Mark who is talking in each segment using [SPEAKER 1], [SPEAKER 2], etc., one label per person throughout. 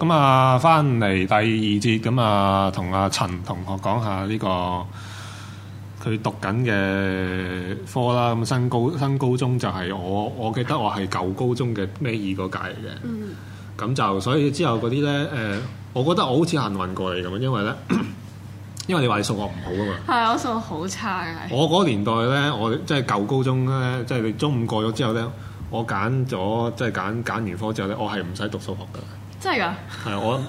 [SPEAKER 1] 咁啊，翻嚟第二節咁啊，同阿陳同學講下呢、這個佢讀緊嘅科啦。咁新高新高中就係我，我記得我係舊高中嘅尾二嗰屆嚟嘅。咁、嗯、就所以之後嗰啲咧，誒，我覺得我好似幸運過嚟咁，因為咧，因為你話你數學唔好啊嘛，
[SPEAKER 2] 係啊，我數學好差嘅。我
[SPEAKER 1] 嗰年代咧，我即係舊高中咧，即係你中五過咗之後咧，我揀咗即係揀揀完科之後咧，我係唔使讀數學嘅。真係噶，係啊，我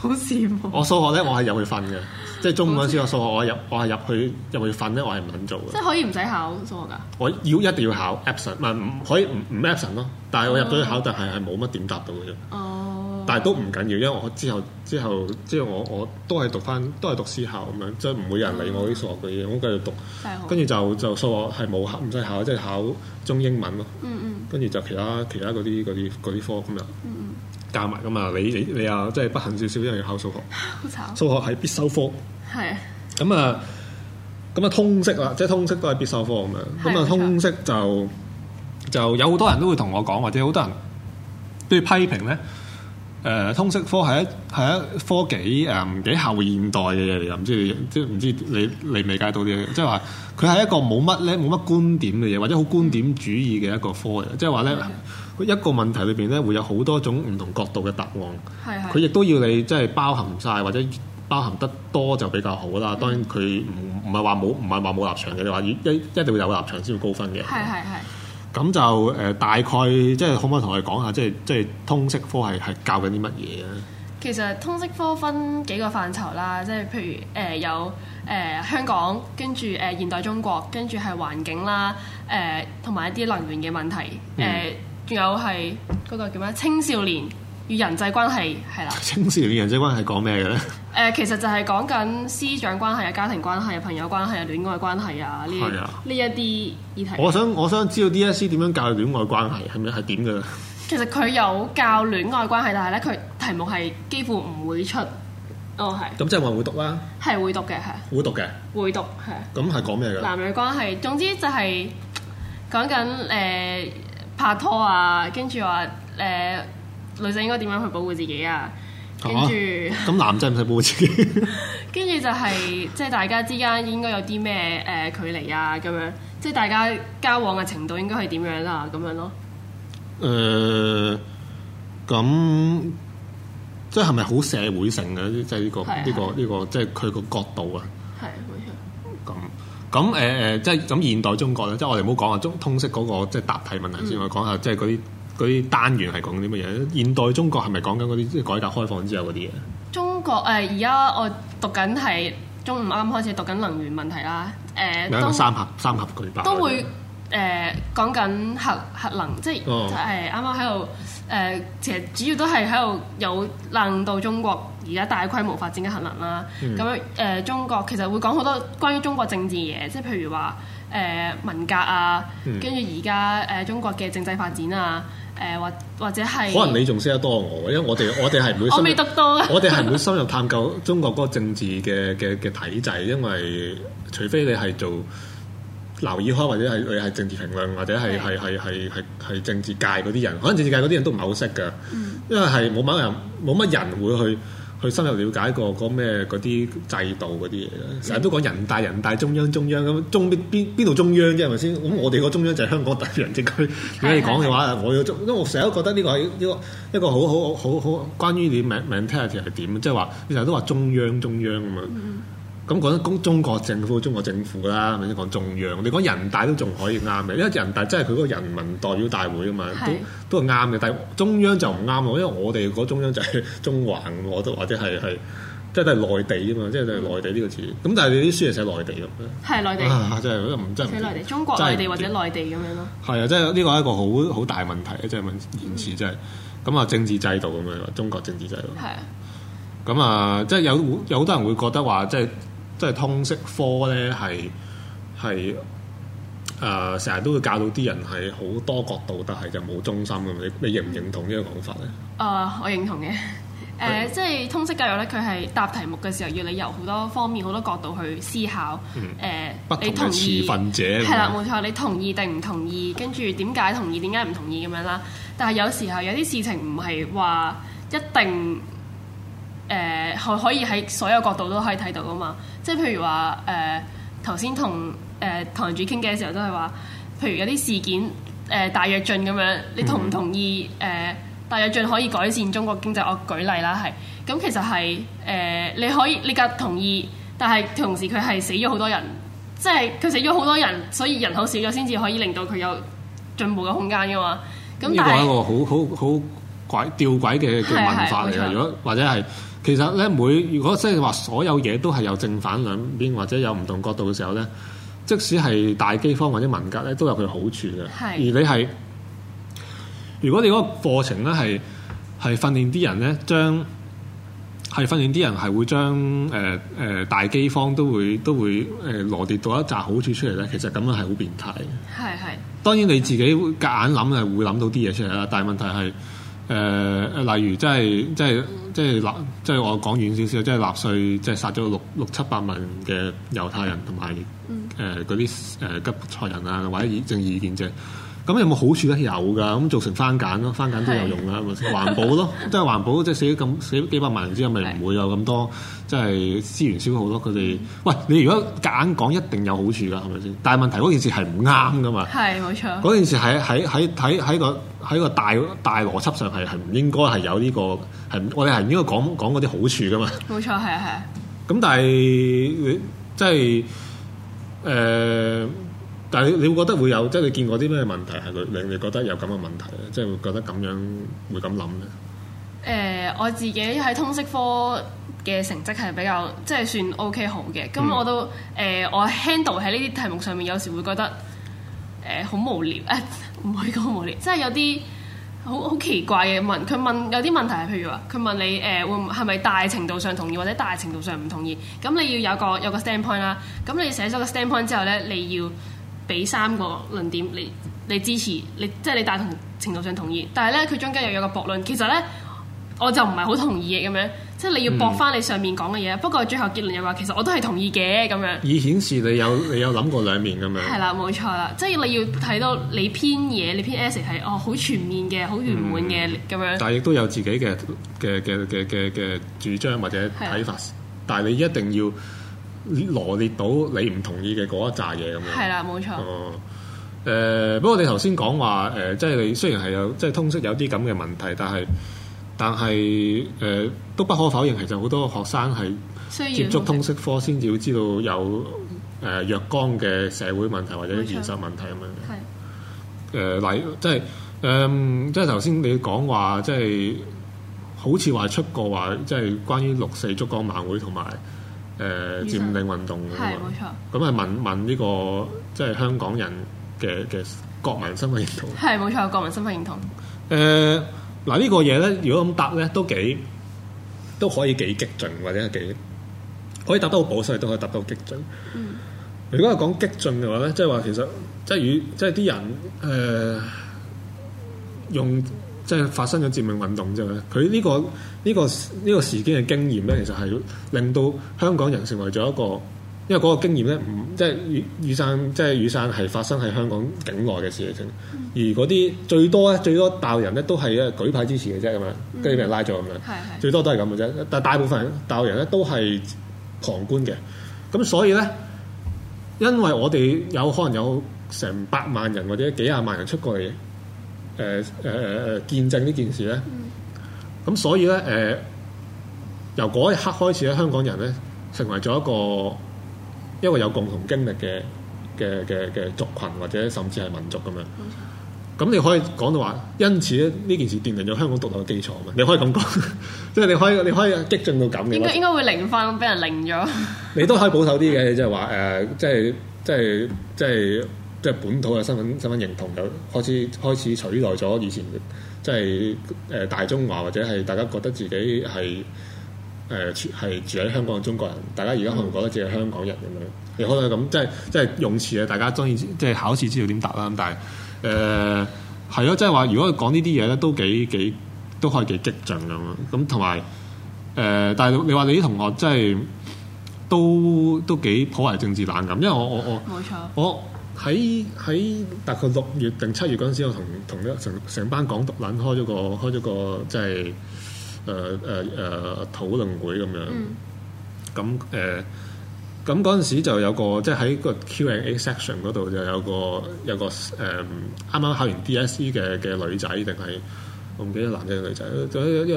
[SPEAKER 2] 好羨慕我數
[SPEAKER 1] 學咧。我係入去瞓嘅，即係中午嗰陣時個數學我入我係入去入去瞓咧，我係唔肯做嘅。即係
[SPEAKER 2] 可以唔使
[SPEAKER 1] 考數學㗎。我要一定要考 absent 唔係，唔可以唔 absent 咯，但係我入咗去考，但係係冇乜點答到嘅啫。哦，
[SPEAKER 3] 但係都
[SPEAKER 1] 唔緊要，因為我之後之後之後我我都係讀翻都係讀師校咁樣，即係唔會有人理我啲數學嘅嘢，我繼續讀。跟住就就數學係冇考，唔使考，即係考中英文咯。跟住就其他其他嗰啲嗰啲啲科咁樣。加埋咁嘛，你你你啊，即係不幸少少，因為要考數學。好慘醜。數學係必修科。係啊是。咁啊、嗯，咁、嗯、啊、嗯，通識啦，即係通識都係必修科咁樣。啊是。咁啊、嗯，通識就就有好多人都會同我講，或者好多人都要批評咧。誒、呃、通識科係一係一科幾唔、嗯、幾後現代嘅嘢嚟㗎，唔知即係唔知你你理解到啲咩？即係話佢係一個冇乜咧冇乜觀點嘅嘢，或者好觀點主義嘅一個科嘅。即係話咧，係一個問題裏邊咧會有好多種唔同角度嘅答案。佢亦係都要你即係包含晒，或者包含得多就比較好啦。當然佢唔唔係話冇唔係話冇立場嘅，你話一一,一定會有立場先會高分嘅。係係係。係咁就誒、呃、大概即係可唔可以同佢講下，即係即係通識科係係教緊啲乜嘢啊？
[SPEAKER 2] 其實通識科分幾個範疇啦，即係譬如誒、呃、有誒、呃、香港，跟住誒現代中國，跟住係環境啦，誒同埋一啲能源嘅問題，誒仲、嗯呃、有係嗰個叫咩青少年。與人際關係係啦，
[SPEAKER 1] 青少年與人際關係係講咩嘅咧？
[SPEAKER 2] 誒、呃，其實就係講緊師長關係、家庭關係、朋友關係、戀愛關係啊，呢呢的一啲議題。我想
[SPEAKER 1] 我想知道 DSE 點樣教戀愛關係係咪係點嘅咧？的是
[SPEAKER 2] 是其實佢有教戀愛關係，但係咧佢題目係幾乎唔會出。哦，係。
[SPEAKER 1] 咁即係話會讀啦？
[SPEAKER 2] 係會讀嘅，係會讀嘅，會讀
[SPEAKER 1] 係。咁係講咩嘅？男
[SPEAKER 2] 女關係，總之就係講緊誒、呃、拍拖啊，跟住話誒。呃呃嗯嗯女仔應該點樣去保護自己啊？跟住咁
[SPEAKER 1] 男仔唔使保護自
[SPEAKER 2] 己。跟 住就係即係大家之間應該有啲咩誒距離啊咁樣，即係大家交往嘅程度應該係點樣啊咁樣咯。
[SPEAKER 1] 誒、呃，咁即係係咪好社會性嘅？即係呢個呢個呢個，即係佢個、這個就是、角度啊。係，好似咁咁誒誒，即係咁現代中國咧，即、就、係、是、我哋唔好講啊中通識嗰、那個即係、就是、答題問題、嗯、先，我講下即係嗰啲。佢啲單元係講啲乜嘢？現代中國係咪講緊嗰啲即係改革開放之後嗰啲嘢？
[SPEAKER 2] 中國誒，而家我讀緊係中五啱啱開始讀緊能源問題啦。誒、呃，喺沒都三
[SPEAKER 1] 合，三合俱爆，都會
[SPEAKER 2] 誒講緊核核能，嗯、即係誒啱啱喺度誒，其實主要都係喺度有難到中國而家大規模發展嘅核能啦。咁樣誒，中國其實會講好多關於中國政治嘅嘢，即係譬如話誒文革啊，跟住而家誒中國嘅政制發展啊。誒或、呃、或者係可能你
[SPEAKER 1] 仲識得多我，因為我哋 我哋係唔會我未讀
[SPEAKER 2] 到，我哋係唔會
[SPEAKER 1] 深入探究中國嗰個政治嘅嘅嘅體制，因為除非你係做留意開，或者係你係政治評論，或者係係係係係係政治界嗰啲人，可能政治界嗰啲人都唔係好識㗎，嗯、因為係冇乜人冇乜人會去。去深入了解過嗰咩嗰啲制度嗰啲嘢咧，成日是的 都講人大人大中央中央咁，中邊邊度中央啫？係咪先？咁我哋個中央就係香港特別行政區。是的 如果你講嘅話，我要中，是的 因為我成日都覺得呢個係一、呢個一個好好好好，好關於你 mentality 係點，即係話你成日都話中央中央咁樣。嗯咁講緊中國政府、中國政府啦，咁樣講中央。你講人大都仲可以啱嘅，因為人大真係佢嗰個人民代表大會啊嘛，是都都係啱嘅。但中央就唔啱咯，因為我哋嗰中央就係中環，我都或者係係，即係都係內地啊嘛，即係內地呢個詞。咁但係你啲書係寫內地嘅，係內地即係唔即係內地、中
[SPEAKER 2] 國是內地或
[SPEAKER 1] 者內地咁樣咯。係啊，即係呢個係一個好好大問題，即係問言詞，即係咁啊，政治制度咁樣，中國政治制度係啊。咁啊的是、呃，即係有有好多人會覺得話，即係。即係通識科咧，係係誒，成日、呃、都會教到啲人係好多角度，但係就冇中心咁。你你認唔認同呢個講法咧？
[SPEAKER 2] 誒、呃，我認同嘅。誒、 呃，即係通識教育咧，佢係答題目嘅時候要你由好多方面、好多角度去思考。誒，你同意？持份者係啦，冇錯。你同意定唔同意？跟住點解同意？點解唔同意咁樣啦？但係有時候有啲事情唔係話一定。誒可、呃、可以喺所有角度都可以睇到㗎嘛，即係譬如話誒頭先同誒唐人主傾偈嘅時候都係話，譬如有啲事件誒、呃、大躍進咁樣，你同唔同意誒、呃、大躍進可以改善中國經濟？我舉例啦，係咁、嗯、其實係誒、呃、你可以你夾同意，但係同時佢係死咗好多人，即係佢死咗好多人，所以人口少咗先至可以令到佢有進步嘅空間噶嘛。咁呢個係一個
[SPEAKER 1] 好好好拐吊詭嘅文化嚟啊！如果或者係。其實咧，每如果即係話所有嘢都係有正反兩邊，或者有唔同角度嘅時候咧，即使係大饑荒或者文革咧，都有佢好處嘅。是的 而你係如果你嗰個過程咧，係係訓練啲人咧，將係訓練啲人係會將誒誒、呃呃、大饑荒都會都會誒羅列到一扎好處出嚟咧，其實咁樣係好變態嘅。係，
[SPEAKER 2] 係。
[SPEAKER 1] 當然你自己夾硬諗係會諗到啲嘢出嚟啦，但係問題係。誒、呃，例如即係即係即係納，即係我講遠少少，即係納粹，即係殺咗六六七百萬嘅猶太人同埋誒嗰啲誒吉普賽人啊，或者正意見證。咁有冇好處咧？有噶，咁做成翻簡咯，翻簡都有用啦，係咪先？環保咯，即係環保，即係死咗咁死幾百萬人之後，咪唔會有咁多，即係資源燒咗好多佢哋。喂，你如果夾硬講一定有好處噶，係咪先？但係問題嗰件事係唔啱噶嘛？
[SPEAKER 2] 係，冇錯。
[SPEAKER 3] 嗰
[SPEAKER 1] 件事係喺喺喺喺個喺個大大邏輯上係係唔應該係有呢個係，我哋係應該講講嗰啲好處噶嘛？
[SPEAKER 2] 冇錯，係啊，係啊。
[SPEAKER 1] 咁但係即係誒。但係你，你會覺得會有即係你見過啲咩問題係佢令你覺得有咁嘅問題咧？即係會覺得咁樣會咁諗咧？
[SPEAKER 2] 誒、呃，我自己喺通識科嘅成績係比較即係算 OK 好嘅。咁、嗯、我都誒、呃，我 handle 喺呢啲題目上面有時會覺得誒好、呃、無聊，唔 可以講無聊，即係有啲好好奇怪嘅問。佢問有啲問題係譬如話佢問你誒、呃、會係咪大程度上同意或者大程度上唔同意？咁你要有個有個 standpoint 啦。咁你寫咗個 standpoint 之後咧，你要。俾三個論點，你你支持，你即係、就是、你大同程度上同意，但係咧佢中間又有個駁論，其實咧我就唔係好同意嘅咁樣，即、就、係、是、你要駁翻你上面講嘅嘢。嗯、不過最後結論又話其實我都係同意嘅咁樣。
[SPEAKER 1] 以顯示你有你有諗過兩面咁樣。係
[SPEAKER 2] 啦、嗯，冇、嗯嗯、錯啦，即、就、係、是、你要睇到你編嘢，你篇 essay、嗯、係哦好全面嘅，好圓滿嘅咁樣。嗯、但
[SPEAKER 1] 係亦都有自己嘅嘅嘅嘅嘅主張或者睇法，但係你一定要。羅列到你唔同意嘅嗰一紮嘢咁樣。係啦，冇錯。哦、呃，不過你頭先講話誒，即係你雖然係有即係通識有啲咁嘅問題，但係但係誒、呃、都不可否認，其實好多學生係
[SPEAKER 3] 要接觸通
[SPEAKER 1] 識科先至會知道有誒若、嗯呃、干嘅社會問題或者現實問題咁錯樣。
[SPEAKER 3] 係
[SPEAKER 1] 的。誒，嗱，即係誒、呃，即係頭先你講話，即係好似話出過話，即係關於六四燭光晚會同埋。誒、呃、佔領運動嘅，係冇錯，咁係問問呢、呢個即係香港人嘅嘅國民身份認同。
[SPEAKER 2] 係冇錯，國民身份認同。
[SPEAKER 1] 誒嗱、呃，呃呢個、呢個嘢咧，如果咁答咧，都幾都可以幾激進，或者係幾可以答得好保守，亦都可以答得好激進。嗯、如果係講激進嘅話咧、就是，即係話其實即係與即係啲人誒、呃、用。即係發生咗致命運動啫嘛，佢呢、呢個呢、呢個呢、呢個事件嘅經驗咧，其實係令到香港人成為咗一個，因為嗰個經驗咧唔即係雨，雨傘，即係雨傘係發生喺香港境內嘅事情，而嗰啲最多咧最多大陸人咧都係咧舉牌支持嘅啫咁樣，跟、嗯、住俾人拉咗咁樣，是的 最多都係咁嘅啫。但係大部分大陸人咧都係旁觀嘅，咁所以咧，因為我哋有可能有成百萬人或者幾廿萬人出過嚟。誒誒誒誒，見證呢件事咧，咁、嗯、所以咧誒、呃，由嗰一刻開始咧，香港人咧成為咗一個一個有共同經歷嘅嘅嘅嘅族群，或者甚至係民族咁樣。咁、嗯、你可以講到話，因此咧呢件事奠定咗香港獨立嘅基礎啊嘛！你可以咁講，即 係你可以你可以激進到咁嘅。應該應
[SPEAKER 2] 該會零翻俾人擰咗。
[SPEAKER 1] 你都可以保守啲嘅、呃，即係話誒，即係即係即係。即即即即即即係本土嘅身份身份認同就開始開始取代咗以前，即係誒、呃、大中華或者係大家覺得自己係誒係住喺香港嘅中國人，大家而家可能覺得自己係香港人咁、嗯、樣。亦可能咁即係即係用詞啊，大家鍾意，即係考試知道點答啦。但係誒係咯，即係話如果講呢啲嘢咧，都幾幾都可以幾激進咁樣。咁同埋誒，但係你話你啲同學即係都都幾頗為政治冷感，因為我我我冇錯我。我沒錯我喺喺大概六月定七月嗰陣時，我同同一成成班港獨撚開咗個開咗個即係誒誒誒討論會，咁樣。咁誒咁嗰陣時就有個即係喺個 Q and A section 嗰度就有個有個誒啱啱考完 DSE 嘅嘅女仔定係我唔記得男仔、就係、女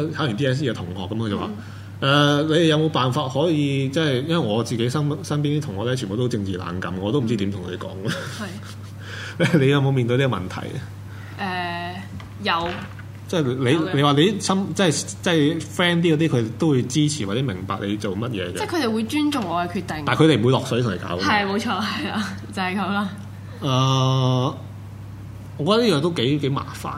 [SPEAKER 1] 仔，考完 DSE 嘅同學咁，佢就話。嗯誒、呃，你有冇辦法可以即係，因為我自己身身邊啲同學咧，全部都政治冷感，我都唔知點同佢哋講。係是。 你有冇面對呢個問題啊？
[SPEAKER 2] 誒、呃，有。
[SPEAKER 1] 即係你的你話你啲即係即係 friend 啲嗰啲，佢都會支持或者明白你做乜嘢嘅。即係佢
[SPEAKER 2] 哋會尊重我嘅決定。但係佢哋
[SPEAKER 1] 唔會落水同你搞。係，
[SPEAKER 2] 冇錯，係啊，就係咁啦。誒、
[SPEAKER 1] 呃，我覺得呢樣都幾幾麻煩，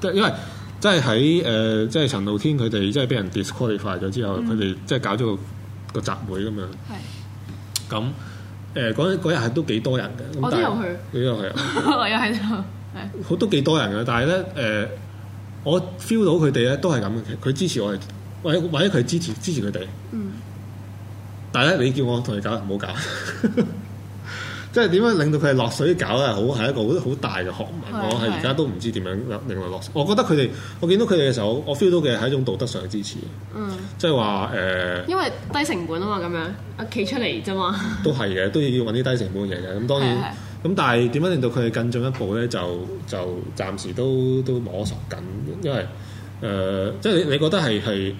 [SPEAKER 1] 即係 因為。即係喺誒，即係陳浩天佢哋，即係俾人 disqualify 咗之後，佢哋、嗯、即係搞咗個個集會咁樣。係是。咁誒，嗰日係都幾多人嘅、呃呃。我都有去。我都有去。我有
[SPEAKER 3] 去。係。好
[SPEAKER 1] 都幾多人嘅，但係咧誒，我 feel 到佢哋咧都係咁嘅，佢支持我哋，或者或者佢支持支持佢哋。嗯。但係咧，你叫我同佢搞，唔好搞。 即係點樣令到佢哋落水搞咧？好係一個好好大嘅學問。我係而家都唔知點樣令佢落水。我覺得佢哋，我見到佢哋嘅時候，我 feel 到嘅係一種道德上嘅支持。嗯，即係話誒，呃、因
[SPEAKER 2] 為低成本啊嘛，咁樣企出嚟啫嘛。 都
[SPEAKER 1] 係嘅，都要揾啲低成本嘅嘢嘅。咁當然，咁但係點樣令到佢哋更進一步咧？就就暫時都都摸索緊，因為誒、呃，即係你你覺得係係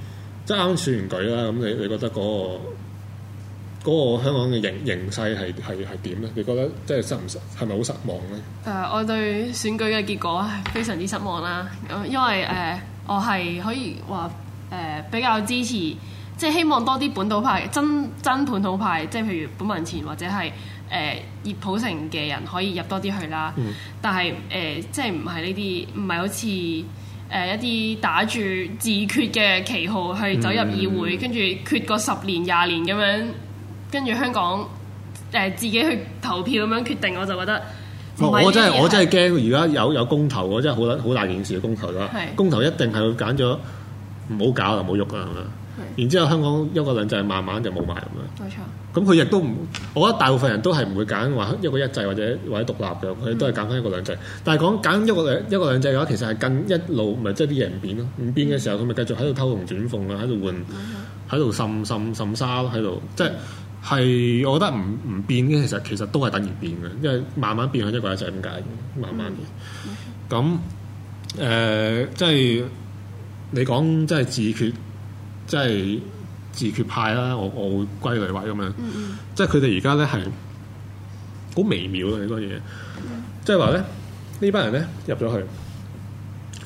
[SPEAKER 1] 即係啱選舉啦。咁你你覺得嗰、嗰個？嗰個香港嘅形形勢係係係點咧？你覺得即係失唔失，係咪好失望咧？
[SPEAKER 2] 誒、呃，我對選舉嘅結果非常之失望啦。咁因為誒、呃，我係可以話誒、呃、比較支持，即係希望多啲本土派真真本土派，即係譬如本民前或者係誒、呃、熱普城嘅人可以入多啲去啦。但係誒、嗯呃，即係唔係呢啲唔係好似誒、呃、一啲打住自決嘅旗號去走入議會，跟住缺個十年廿年咁樣。跟住香港誒、呃、自己去投票咁樣決定，我就覺得我真係我真係
[SPEAKER 1] 驚，而家有有公投，我真係好好大件事嘅公投啦。是公投一定係會揀咗唔好搞啦，唔好喐啦，係咪是？然之後香港一個兩制慢慢就冇埋咁樣。冇
[SPEAKER 3] 錯
[SPEAKER 1] 錯。咁佢亦都唔，我覺得大部分人都係唔會揀話一個一制或者或者獨立嘅，佢都係揀翻一個兩制。嗯、但係講揀一個兩一個兩制嘅話，其實係跟一路咪即係啲嘢唔變咯，唔變嘅時候，佢咪繼續喺度偷龍轉鳳啊，喺度換，喺度滲滲滲沙喺度，即係。係，我覺得唔唔變嘅，其實其實都係等於變嘅，因為慢慢變響一個人就係咁解嘅，
[SPEAKER 3] 慢慢變。
[SPEAKER 1] 咁誒、嗯呃，即係你講即係自決，即係自決派啦，我我會歸類為咁樣。即係佢哋而家咧係好微妙嘅、嗯、呢個嘢，即係話咧呢班人咧入咗去，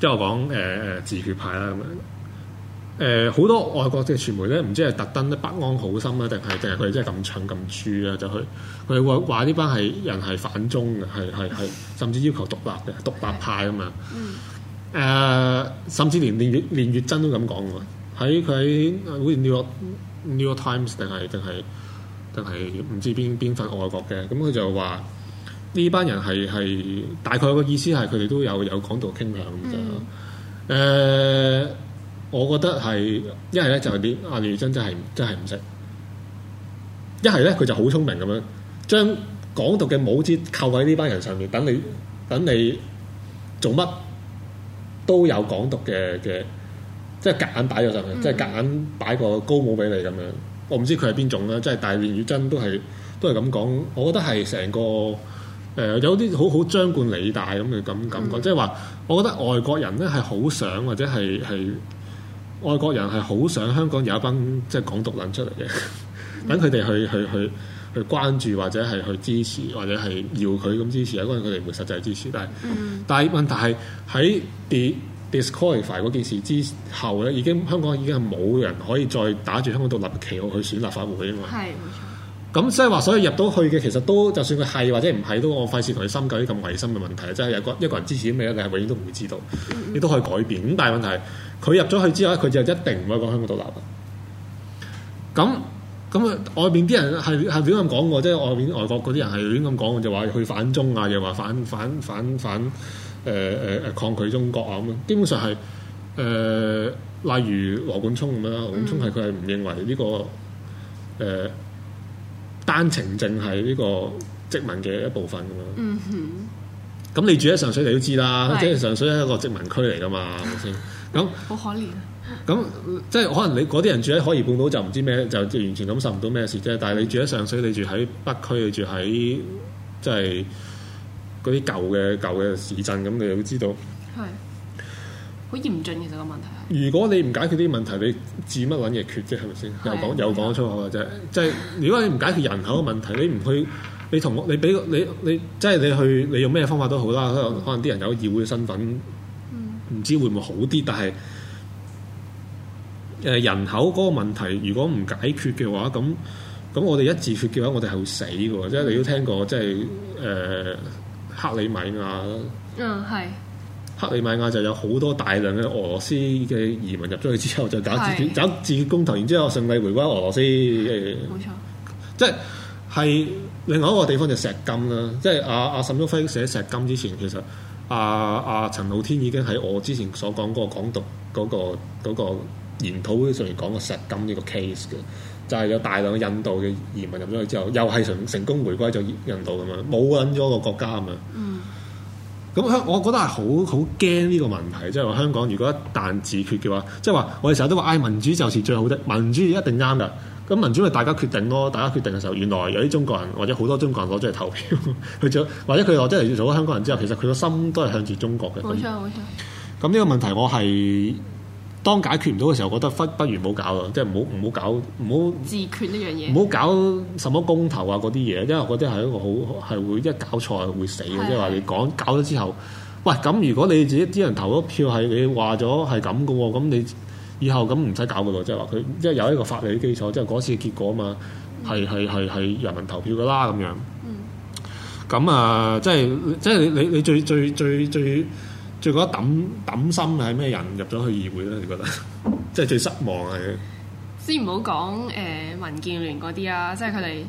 [SPEAKER 1] 即係我講誒誒自決派啦咁樣。誒好、呃、多外國嘅傳媒咧，唔知係特登咧不安好心咧，定係定係佢哋真係咁蠢咁豬啊！就去佢話話呢班係人係反中嘅，係係係，甚至要求獨立嘅獨立派啊嘛。誒、嗯呃，甚至連連,連月連月珍都咁講喎。喺佢好似 New York New York Times 定係定係定係唔知邊邊份外國嘅咁，佢就話呢班人係係大概個意思係佢哋都有有港獨傾向咁樣。誒、嗯。嗯我覺得係一係咧就係啲阿連宇珍真係真係唔識，一係咧佢就好聰明咁樣將港獨嘅帽子扣喺呢班人上面，等你等你做乜都有港獨嘅嘅，即係夾硬擺咗上去，即係夾硬擺個高帽俾你咁樣。我唔知佢係邊種啦，即係大連宇珍都係都係咁講。我覺得係成個誒、呃、有啲好好張冠李戴咁嘅咁感覺，嗯、即係話我覺得外國人咧係好想或者係係。外國人係好想香港有一班即係港獨捻出嚟嘅，等佢哋去、嗯、去去去關注或者係去支持或者係要佢咁支持，因為佢哋會實際支持。但係，嗯嗯但係問題係喺 disqualify 嗰件事之後咧，已經香港已經係冇人可以再打住香港獨立旗號去選立法會啊嘛。係咁所以話，所以入到去嘅其實都，就算佢係或者唔係，都我費事同佢深究啲咁唯心嘅問題。即係有一個人支持咩咧，係永遠都唔會知道。
[SPEAKER 3] 亦、嗯嗯嗯、都可以
[SPEAKER 1] 改變。咁但係問題係。佢入咗去之後咧，佢就一定唔會喺香港獨立啦。咁咁啊，外邊啲人係係亂咁講喎，即係外邊外國嗰啲人係亂咁講嘅，就話去反中啊，又話反反反反誒誒誒抗拒中國啊咁樣。基本上係誒、呃，例如羅冠聰咁樣啦，羅冠聰係佢係唔認為呢、呢個誒、呃、單程證係呢個殖民嘅一部分咁樣。咁、嗯、哼你住喺上水你就知啦，是即係上水係一個殖民區嚟噶嘛，先。 咁
[SPEAKER 2] 好那可憐。咁、嗯、
[SPEAKER 1] 即係可能你嗰啲人住喺海怡半島就唔知咩，就即完全感受唔到咩事啫。但係你住喺上水，你住喺北區，你住喺即係嗰啲舊嘅舊嘅市鎮，咁你都知道係好嚴
[SPEAKER 2] 峻。嘅。就
[SPEAKER 1] 個問題，如果你唔解決啲問題，你至乜撚嘢缺啫，係咪先？的又講又講咗粗口嘅啫。的即係如果你唔解決人口嘅問題，你唔去，你同你俾你你，即係你，你，就是、你去，你用咩方法都好啦。可能可能啲人有議會嘅身份。唔知會唔會好啲？但係誒、呃、人口嗰個問題，如果唔解決嘅話，咁咁我哋一自決嘅話，我哋係會死嘅喎。嗯、即係你都聽過，即係誒、呃、克里米亞。嗯，係。克里米亞就有好多大量嘅俄羅斯嘅移民入咗去之後，就搞自決是搞自決公投。然之後順利回歸俄羅斯。誒、嗯，冇錯。即係係另外一個地方就錫金啦。即係阿阿沈旭輝寫錫金之前，其實。阿阿、啊啊、陳浩天已經喺我之前所講嗰個港獨嗰、那個那個研討會上面講過錫金呢個 case 嘅，就係、是、有大量嘅印度嘅移民入咗去之後，又係成成功回歸咗印度噶嘛，冇揾咗個國家啊嘛。嗯。咁香，我覺得係好好驚呢個問題，即係話香港如果一旦自決嘅話，即係話我哋成日都話嗌民主就是最好的，民主一定啱噶。咁民主咪大家決定咯，大家決定嘅時候，原來有啲中國人或者好多中國人攞咗嚟投票，佢就或者佢攞咗嚟做咗香港人之後，其實佢個心都係向住中國嘅。冇錯，冇咁錯。咁呢個問題我，我係當解決唔到嘅時候，覺得不如不如唔好搞咯，即係唔好搞，唔好
[SPEAKER 2] 自決呢樣嘢，唔好
[SPEAKER 1] 搞什麼公投啊嗰啲嘢，因為我覺得係一個好係會一搞錯會死嘅，即係話你講搞咗之後，喂咁如果你自己啲人投咗票係你話咗係咁嘅喎，咁你。以後咁唔使搞嗰度，即係話佢即係有一個法律嘅基礎，即係嗰次結果嘛，係係係係人民投票嘅啦咁樣。咁啊，即係即係你你你最最最最最覺得揼揼心嘅係咩人入咗去議會咧？你覺得即係、就是、最失望嘅？
[SPEAKER 2] 先唔好講誒民建聯嗰啲啊，即係佢哋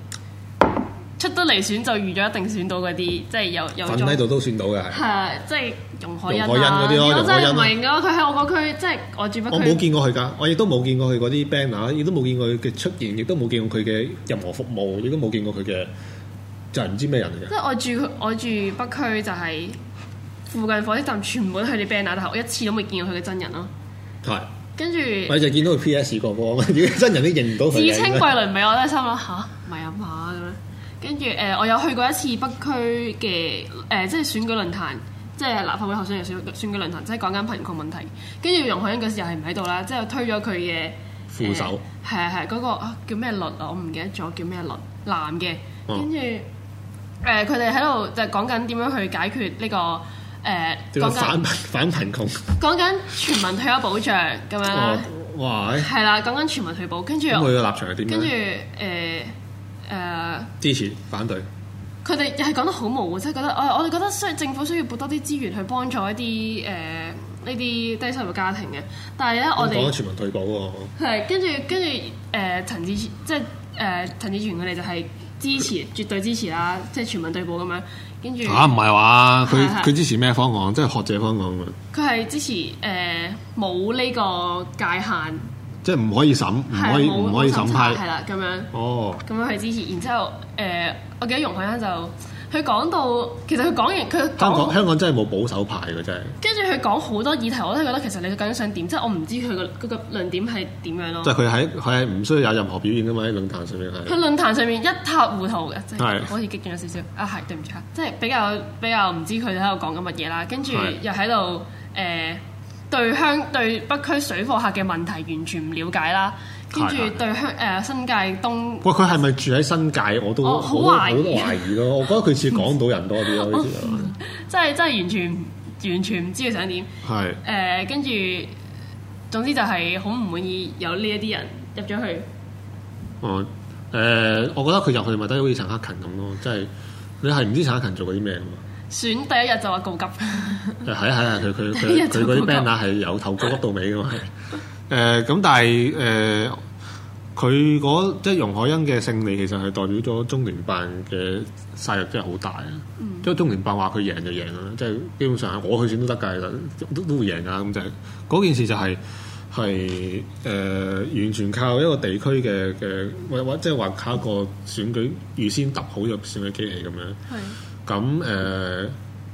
[SPEAKER 2] 出得嚟選就預咗一定選到嗰啲，即係有有。喺度
[SPEAKER 1] 都選到嘅。係
[SPEAKER 2] 即係。pus bureau 嗯容海恩嗰啲咯，容海恩型佢喺我個區，即、就、係、是、我住北區我。我冇見
[SPEAKER 1] 過佢噶，我亦都冇見過佢嗰啲 band 啊，亦都冇見過佢嘅出現，亦都冇見過佢嘅任何服務，亦都冇見過佢嘅就係唔知咩人嚟、啊、嘅。即
[SPEAKER 2] 係我住我住北區，就係附近火車站全部都係佢哋 band 啊，但係我一次都未見過佢嘅真人咯、啊。係跟住，我著就
[SPEAKER 1] 見到佢 P S 過噃， 真人都認唔到。自稱桂
[SPEAKER 2] 林咪我都 心諗吓，唔係阿馬嘅咩？跟住誒、呃，我有去過一次北區嘅誒，即係選舉論壇。即係立法會候選人選選舉論壇，即係講緊貧窮問題。跟住容海恩嗰時又係唔喺度啦，即係推咗佢嘅副手，係係嗰個叫咩律啊，論我唔記得咗叫咩律，男嘅。
[SPEAKER 1] 跟住
[SPEAKER 2] 誒，佢哋喺度就講緊點樣去解決呢、這個誒、呃，講緊反
[SPEAKER 1] 反貧窮，
[SPEAKER 2] 講緊全民退休保障咁 樣、啊哦。哇！係啦，講緊全民退保，跟住佢嘅立場係點？跟住誒誒，
[SPEAKER 1] 支持反對。
[SPEAKER 2] 佢哋又係講得好模糊，即、就、係、是、覺得，哎、我我哋覺得需政府需要撥多啲資源去幫助一啲誒呢啲低收入家庭嘅。但係咧，我哋撥咗全民退保喎、哦。係跟住跟住誒、呃、陳志全，即係誒、呃、陳志全佢哋就係支持，他絕對支持啦，即係全民退保咁樣。跟住啊，唔係話佢佢支
[SPEAKER 1] 持咩方案？即係、就是、學者方案啊！
[SPEAKER 2] 佢係支持誒冇呢個界限，
[SPEAKER 1] 即係唔可以審，唔對可以唔沒可以審判，係啦咁樣。
[SPEAKER 2] 哦，咁樣去支持，然之後誒、呃，我記得容海生容海恩就佢講到，其實佢講完佢。香港香
[SPEAKER 1] 港真係冇保守派嘅真
[SPEAKER 2] 係。跟住佢講好多議題，我都係覺得其實你究竟想點？即係我唔知佢、那個佢個論點係點樣咯。即係佢喺
[SPEAKER 1] 佢係唔需要有任何表現嘅嘛？喺論壇上面係。喺論
[SPEAKER 2] 壇上面一塌糊塗嘅，即係的好似激動咗少少。啊，係，對唔住，即係比較比較唔知佢喺度講緊乜嘢啦。跟住又喺度誒。的對香對北區水貨客嘅問題完全唔了解啦，
[SPEAKER 1] 跟住對
[SPEAKER 2] 香誒、呃、新界東，
[SPEAKER 1] 喂佢係咪住喺新界？我都好懷、哦、疑咯，我覺得佢似港島人多啲咯，即係
[SPEAKER 2] 即係完全完全唔知佢想點，係誒跟住，總之就係好唔滿意有呢一啲人入咗去。
[SPEAKER 1] 哦誒，我覺得佢入去咪得，好似陳克勤咁咯，即、就、係、是、你係唔知陳克勤做過啲咩噶嘛。
[SPEAKER 2] 選第一日就話告急，係
[SPEAKER 1] 係係佢佢佢嗰啲 banner 啊係由頭告急到尾嘅嘛，誒咁 但係誒佢嗰即係容海恩嘅勝利其實係代表咗中聯辦嘅勢力真係好大啊，即係、嗯、中聯辦話佢贏就贏啦，即、就、係、是，基本上係我去選都得噶都都會贏噶，咁就係、是、嗰件事就係係誒完全靠一個地區嘅嘅或或即係話靠一個選舉預先揼好咗選嘅機器咁樣。咁誒、呃，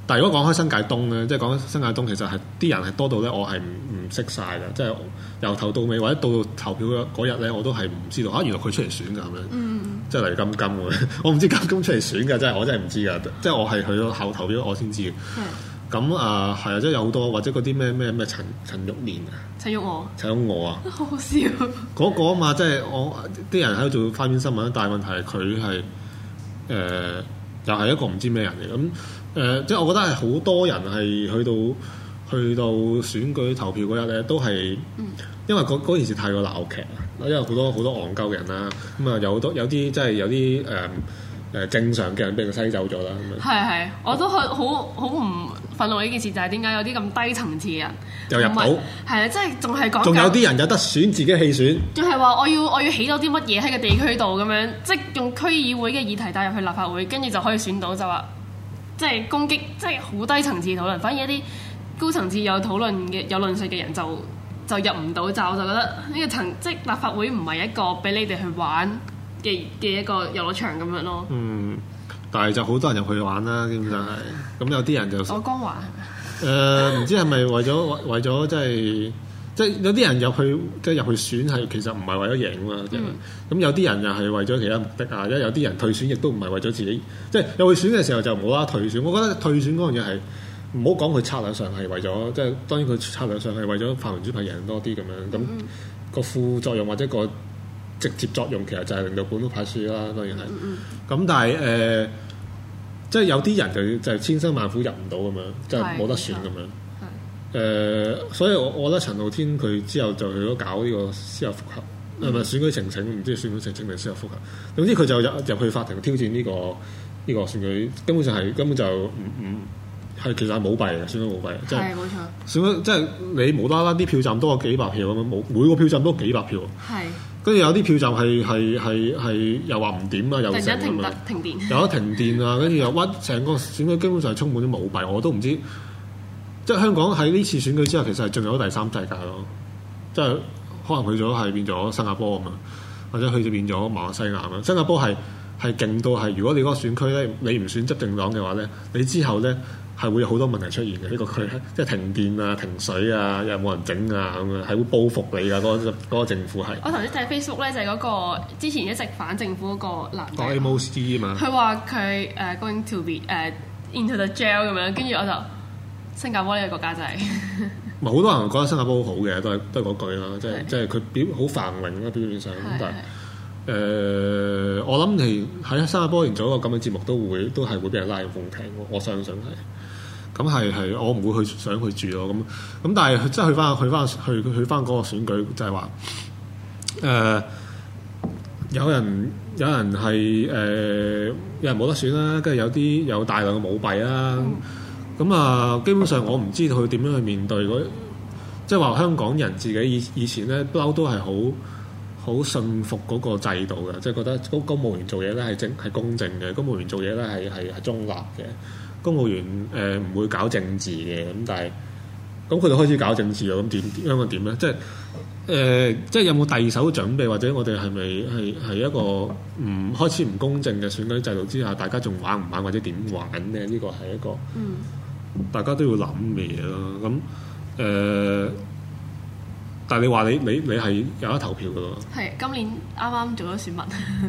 [SPEAKER 1] 但如果講開新界東咧，即係講新界東，其實係啲人係多到咧，我係唔唔識晒㗎，即係由頭到尾，或者到投票嗰日咧，我都係唔知道啊，原來佢出嚟選㗎咁樣，嗯嗯即係例如金金嘅，我唔知金金出嚟選㗎，即係我真係唔知㗎，即係我係去咗後投票我先知嘅。咁啊係啊，即係、呃、有好多，或者嗰啲咩咩咩陳陳玉蓮啊，陳玉娥，陳玉娥啊，好好笑嗰個啊嘛，即係我啲人喺度做翻篇新聞，但係問題係佢係誒。呃又係一個唔知咩人嚟。咁，誒、呃，即係我覺得係好多人係去到去到選舉投票嗰日咧，都係因為嗰件事太過鬧劇啦，因為好多好多戇鳩人啦，咁啊有好多有啲即係有啲誒。呃誒正常嘅人俾佢吸走咗啦，咁樣
[SPEAKER 2] 係係，我都好好好唔憤怒呢件事，就係點解有啲咁低層次嘅人又入到係啊，即係仲係講仲有啲
[SPEAKER 1] 人有得選自己嘅棄
[SPEAKER 3] 選，
[SPEAKER 2] 仲係話我要我要起到啲乜嘢喺個地區度咁樣，即係用區議會嘅議題帶入去立法會，跟住就可以選到就，就話即係攻擊，即係好低層次討論，反而一啲高層次有討論嘅有論述嘅人就就入唔到，就我就覺得呢個層即係立法會唔係一個俾你哋去玩嘅嘅一個遊樂場咁樣咯，
[SPEAKER 1] 嗯，但係就好多人入去玩啦，基本上係咁有啲人就，哦江華，誒唔、呃、知係咪為咗為咗即係即係有啲人入去即係入去選係其實唔係為咗贏啊嘛，咁、嗯、有啲人又係為咗其他目的啊，即係有啲人退選亦都唔係為咗自己，即係入去選嘅時候就冇啦退選，我覺得退選嗰樣嘢係唔好講佢策略上係為咗，即係當然佢策略上係為咗泛民主派贏多啲咁樣，咁、個副作用或者個。直接作用其實就係令到本土派輸啦，當然係。咁、嗯嗯、但係誒、呃，即係有啲人就就千辛萬苦入唔到咁樣，就冇得選咁樣。誒、嗯呃，所以我我覺得陳浩天佢之後就去咗搞呢個司法覆核，係咪，嗯，選舉呈請唔知選舉呈請定司法覆核，總之佢就入入去法庭挑戰呢、呢個呢、呢個選舉，根本就係根本就唔唔。嗯嗯係，其實係舞弊嘅選，選舉舞弊，即係冇錯。選舉即係你無啦啦啲票站都有幾百票咁樣，每每個票站都幾百票。係跟住有啲票站係係係係又話唔點啊，又，又停啊，停電，有得停電啊，跟住 又屈成個選舉基本上係充滿咗舞弊，我都唔知。即係香港喺呢次選舉之後，其實係進入咗第三世界咯。即係可能去咗係變咗新加坡啊嘛，或者去咗變咗馬來西亞啊。新加坡係係勁到係，如果你嗰個選區咧，你唔選執政黨嘅話咧，你之後咧。係會有好多問題出現嘅，呢、這個區即係停電啊、停水啊，又冇人整啊，咁樣係會報復你啊。嗰、那個那個政府係。我
[SPEAKER 2] 頭先睇 Facebook 咧，就係、是、嗰、那個之前一直反政府嗰個男嘅。
[SPEAKER 1] Amos 嘛？佢
[SPEAKER 2] 話佢誒 going to be 誒、uh, into the jail 咁樣，跟住我就新加坡呢個國家就
[SPEAKER 1] 係、是。唔 好多人覺得新加坡好好嘅，都係都係嗰句啦，即係是即係佢表好繁榮啦，表面上、mm hmm. 但係誒、mm hmm. 呃，我諗你喺新加坡連做一個咁嘅節目都，都會都係會俾人拉人封艇我相信係。咁係係，我唔會去想去住咯。咁咁，但係即係去翻去翻去去翻嗰個選舉，就係話誒有人有人係誒、呃、有人冇得選啦，跟住有啲有大量嘅舞弊啦。咁啊、呃，基本上我唔知道佢點樣去面對嗰，即係話香港人自己以以前咧不嬲都係好好信服嗰個制度嘅，即係覺得公公務員做嘢咧係正係公正嘅，公務員做嘢咧係係係中立嘅。公務員誒唔、呃、會搞政治嘅，咁但係咁佢哋開始搞政治啊！咁點香港點咧？即係誒、呃，即係有冇第二手準備，或者我哋係咪係係一個唔開始唔公正嘅選舉制度之下，大家仲玩唔玩或者點玩咧？呢個係一個，嗯，大家都要諗嘅嘢咯。咁誒。呃但係你話你你你係有得投票㗎囉？係
[SPEAKER 2] 今年啱啱做咗選民。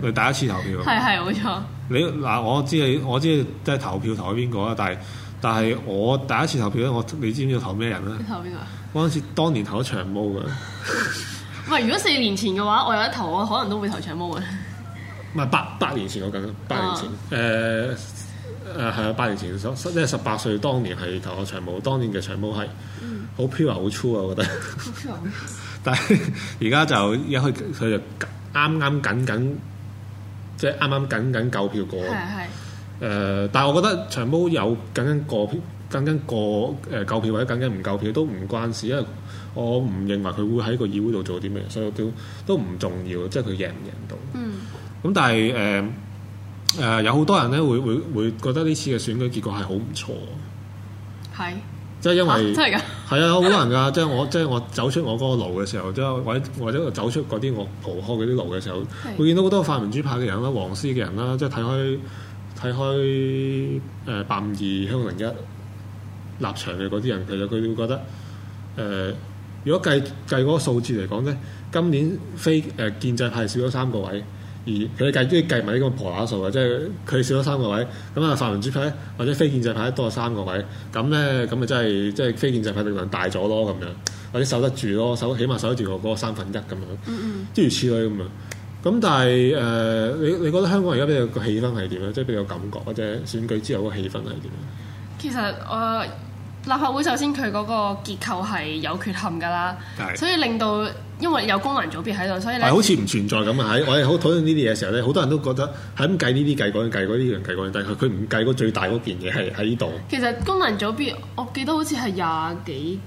[SPEAKER 1] 你 第， 第一次投票。係係，冇錯。你嗱，我知你我知即係投票投咗邊個啊？但係但係我第一次投票咧，我你知唔知投咩人啊？
[SPEAKER 2] 投
[SPEAKER 1] 邊個？我嗰陣時當年投咗長毛嘅。
[SPEAKER 2] 唔係，如果四年前嘅話，我有得投，我可能都會投長毛嘅。
[SPEAKER 1] 唔係，八八年前我講八年前誒。啊呃誒係啊！八年前嘅十十即係十八歲，當年係頭個長毛，當年嘅長毛係好飄啊，好粗啊，我覺得。 但係而家就一開佢就啱啱緊緊，即係啱啱緊緊夠票過。係、呃、但係我覺得長毛有緊緊過票，緊緊過誒夠票或者緊緊唔夠票都唔關事，因為我唔認為佢會喺個議會度做啲咩，所以我都都唔重要。即係佢贏唔贏到。咁、嗯、但係誒。呃誒、呃、有好多人咧，會會會覺得呢次嘅選舉結果係好唔錯，
[SPEAKER 2] 係
[SPEAKER 1] 是即係因為係啊，好、啊、難噶！即係 我即係、就是、我走出我嗰個路嘅時候，即係或或者走出嗰啲我鋪開嗰啲路嘅時候，是會見到好多泛民主派嘅人啦、黃絲嘅人啦，即係睇開睇開誒八五二、香港零一、立場嘅嗰啲人，其實佢哋會覺得誒、呃，如果計計嗰個數字嚟講咧，今年非誒、呃、建制派少咗三個位。而佢計啲計埋呢咁嘅破下數嘅，即係佢少咗三個位，咁啊泛民主派咧或者非建制派多咗三個位，咁咧咁咪真係即係非建制派力量大咗咯咁樣，或者守得住咯，守起碼守得住我個三分一咁樣，諸如此類咁啊。咁但係誒，你、呃、你覺得香港而家俾你個氣氛係點咧？即係俾你感覺或者選舉之後個氣氛係點？其
[SPEAKER 2] 實我。立法會首先佢嗰個結構係有缺陷㗎啦，是所以令到因為有功能組別喺度，所以咧，好似
[SPEAKER 1] 唔存在咁啊！喺我哋好討論呢啲嘢嘅時候咧，好多人都覺得係咁計呢啲計嗰樣計嗰啲樣計嗰樣，但係佢唔計嗰最大嗰件嘢係喺呢度。
[SPEAKER 2] 其實功能組別，我記得好似係廿幾，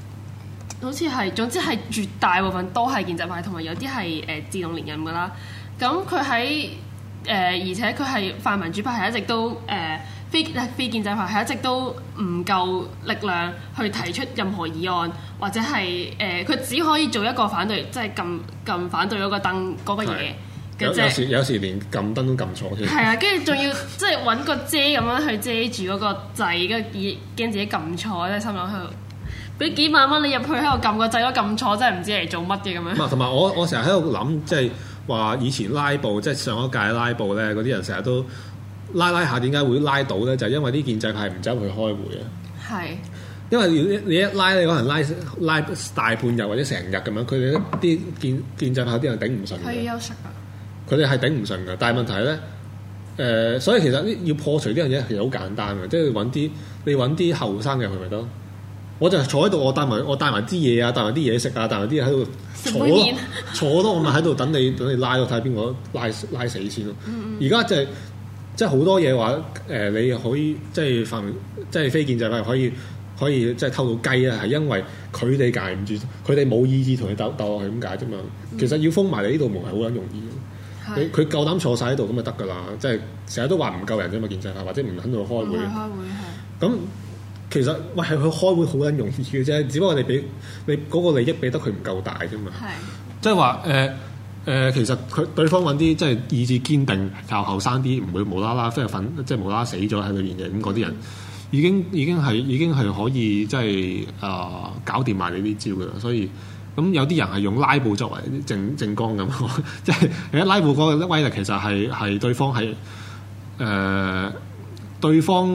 [SPEAKER 2] 好似係總之係絕大部分都係建制派，同埋有啲係誒自動連任㗎啦。咁佢喺誒，而且佢係泛民主派，係一直都誒。呃非建制派係一直都唔夠力量去提出任何議案，或者係誒佢只可以做一個反對，即係撳撳反對嗰個燈嗰個嘢。係。有有時
[SPEAKER 1] 有時連撳燈都撳錯。係啊，
[SPEAKER 2] 跟住仲要即係搵個遮咁樣去遮住嗰個掣，跟住驚自己撳錯，真係心諗喺度俾幾萬蚊你入去喺度撳個掣都撳錯，真係唔知嚟做乜嘢咁樣。
[SPEAKER 1] 同埋我我成日喺度諗，即係話以前拉布，即係上一屆拉布咧，嗰啲人成日都。拉拉下點解會拉到咧？就係因為啲建制派唔走去開會啊！係因為你一拉，你可能拉拉大半日或者成日咁樣，佢哋啲建建制派啲人頂唔順。可以休息啊！佢哋係頂唔順噶，但係問題咧，誒、呃，所以其實要破除呢樣嘢其實好簡單嘅，即係揾啲你揾啲後生嘅佢咪得。我就坐喺度，我帶埋我帶埋啲嘢啊，帶埋啲嘢食啊，帶埋啲嘢喺度坐咯，坐多我咪喺度等你等你拉到睇邊個拉拉，拉死先咯。而家就係。即係好多嘢話誒，你可以即係範，即係非建制派可以可以即係偷到雞啊！係因為佢哋戒唔住，佢哋冇意志同你鬥鬥落去咁解啫嘛。其實要封埋你呢度門係好撚容易
[SPEAKER 3] 嘅，佢、嗯、
[SPEAKER 1] 夠膽坐晒喺度咁咪得噶啦。即係成日都話唔夠人啫嘛，建制派，或者唔肯去開會。嗯、開會咁，其實喂係佢開會好撚容易嘅啫，只不過你哋俾你嗰個利益俾得佢唔夠大啫嘛。係即係話誒。嗯嗯嗯誒，其實佢對方揾啲即係意志堅定、靠後生啲，唔會無啦啦飛入粉，即係無啦啦死咗喺裏面嘅咁嗰啲人已，已經已經係已經係可以即係誒、呃、搞掂埋你啲招㗎喇。所以咁有啲人係用拉布作為正正光咁，即係而家拉布嗰個威力其實係係對方係誒、呃、對方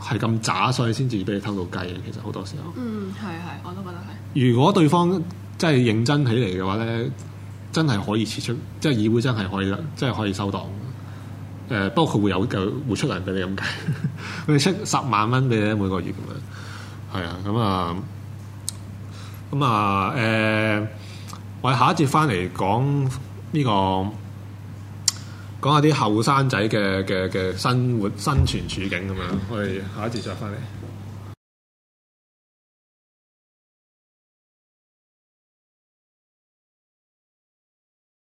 [SPEAKER 1] 係咁渣，所以先至俾你偷到雞嘅。其實好多時候，嗯係
[SPEAKER 2] 係，我都覺得係。
[SPEAKER 1] 如果對方真係認真起嚟嘅話咧。真係可以撤出，即、就、係、是、議會真係可以，即係可以收檔。誒、呃，不過佢會有嘅會出糧俾你咁計，佢 哋出十萬蚊俾你每個月咁樣。係啊，咁啊，咁啊，誒，我哋下一節翻嚟講呢、這個講下啲後生仔嘅嘅嘅
[SPEAKER 3] 生活生存處境咁樣。我哋下一節再翻嚟。